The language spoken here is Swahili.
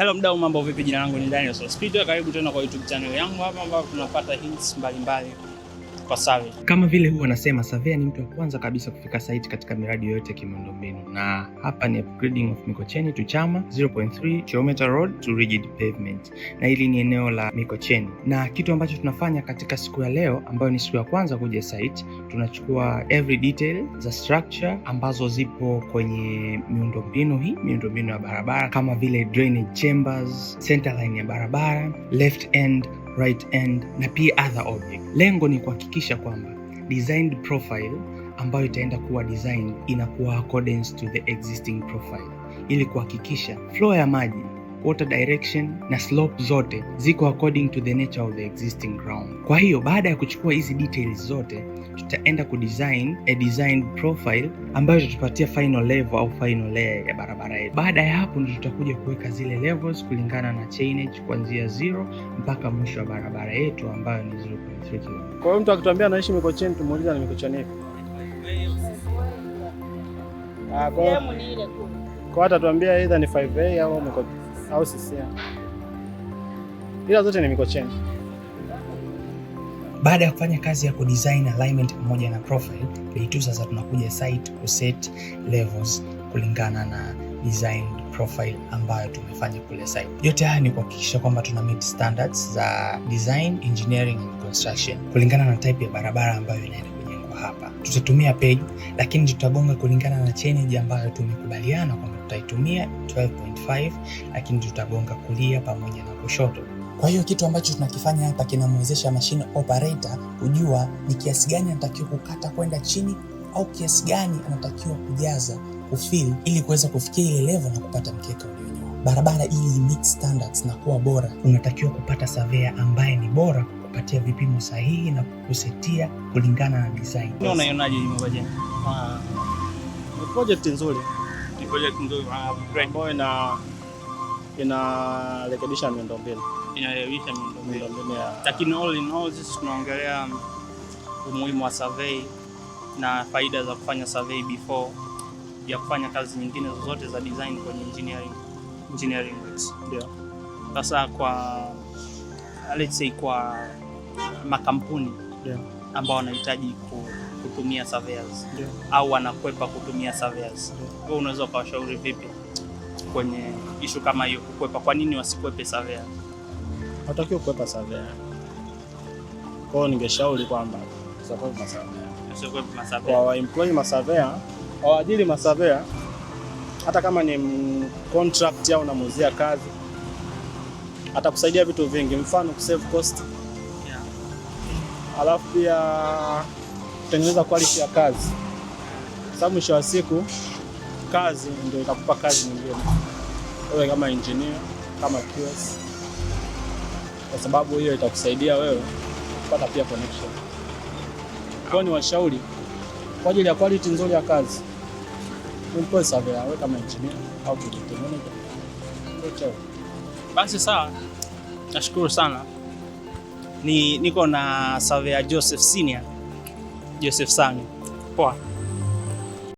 Hello mdau, mambo vipi? Jina langu ni Daniel Sospito, karibu tena kwa YouTube channel yangu hapa ambapo tunapata hints mbalimbali mbali ipasavyo. Kama vile huwa anasema, Savea ni mtu wa kwanza kabisa kufika site katika miradi yoyote ya kimiundombinu, na hapa ni upgrading of Mikocheni to Chama 0.3 km road to rigid pavement, na hili ni eneo la Mikocheni, na kitu ambacho tunafanya katika siku ya leo ambayo ni siku ya kwanza kuja site, tunachukua every detail za structure ambazo zipo kwenye miundombinu hii, miundombinu ya barabara kama vile drainage chambers, center line ya barabara, left end right end na pia other object. Lengo ni kuhakikisha kwamba designed profile ambayo itaenda kuwa design inakuwa accordance to the existing profile, ili kuhakikisha flow ya maji water direction na slope zote ziko according to the nature of the existing ground. Kwa hiyo baada ya kuchukua hizi details zote, tutaenda kudesign a design profile ambayo tutapatia final level au final layer ya barabara yetu. Baada ya hapo ndio tutakuja kuweka zile levels kulingana na chainage kuanzia zero mpaka mwisho wa barabara yetu ambayo ni 0.3 km. Kwa hiyo mtu akituambia anaishi Mikocheni, tumuuliza ni Mikocheni ipi? Ah, kwa hiyo hata tuambia either ni 5A au Mikocheni au CCM, ila zote ni mikocheni. Baada ya kufanya kazi ya kudesign alignment pamoja na profile, day 2 sasa tunakuja site kuset levels kulingana na design profile ambayo tumefanya kule site. Yote haya ni kuhakikisha kwamba tuna meet standards za design, engineering and construction kulingana na type ya barabara ambayo inaenda kwenye kwa hapa. Tutatumia page, lakini tutagonga kulingana na change ambayo tumekubaliana kwamba tutaitumia 12.5, lakini tutagonga kulia pamoja na kushoto. Kwa hiyo kitu ambacho tunakifanya hapa kinamwezesha machine operator kujua ni kiasi gani anatakiwa kukata kwenda chini au kiasi gani anatakiwa kujaza kufill ili kuweza kufikia ile level na kupata mkeka ulionyoa barabara. Ili meet standards na kuwa bora, unatakiwa kupata surveyor ambaye ni bora kukupatia vipimo sahihi na kukusetia kulingana na design. Unaionaje hii mobile Ah, project nzuri, ni project nzuri ah, ambayo ina inarekebisha miundombinu, inarekebisha miundombinu ya lakini, all in all, sisi tunaongelea umuhimu wa survey na faida za kufanya survey before ya kufanya kazi nyingine zozote za design kwenye engineering engineering. works. Ndio sasa kwa let's say kwa makampuni yeah. ambao wanahitaji kutumia surveyors yeah. au wanakwepa kutumia surveyors yeah. unaweza ukawashauri vipi kwenye ishu kama hiyo, kukwepa? Kwa nini wasikwepe surveyors? Hatakiwi kukwepa surveyors. Kwa hiyo ningeshauri kwamba waemploy masavea waajiri masavea, hata kama ni contract au namuzia kazi, atakusaidia vitu vingi, mfano kusave cost alafu pia tengeneza quality ya kazi, sababu mwisho wa siku kazi ndio itakupa kazi nyingine, wewe kama engineer, kama QS, kwa sababu hiyo itakusaidia wewe kupata pia connection. Kwa ni washauri kwa ajili ya quality nzuri ya kazi, mpoe surveyor, wewe kama engineer au project manager. Basi sawa, nashukuru sana ni niko na surveyor Joseph Senior Joseph Sang. Poa.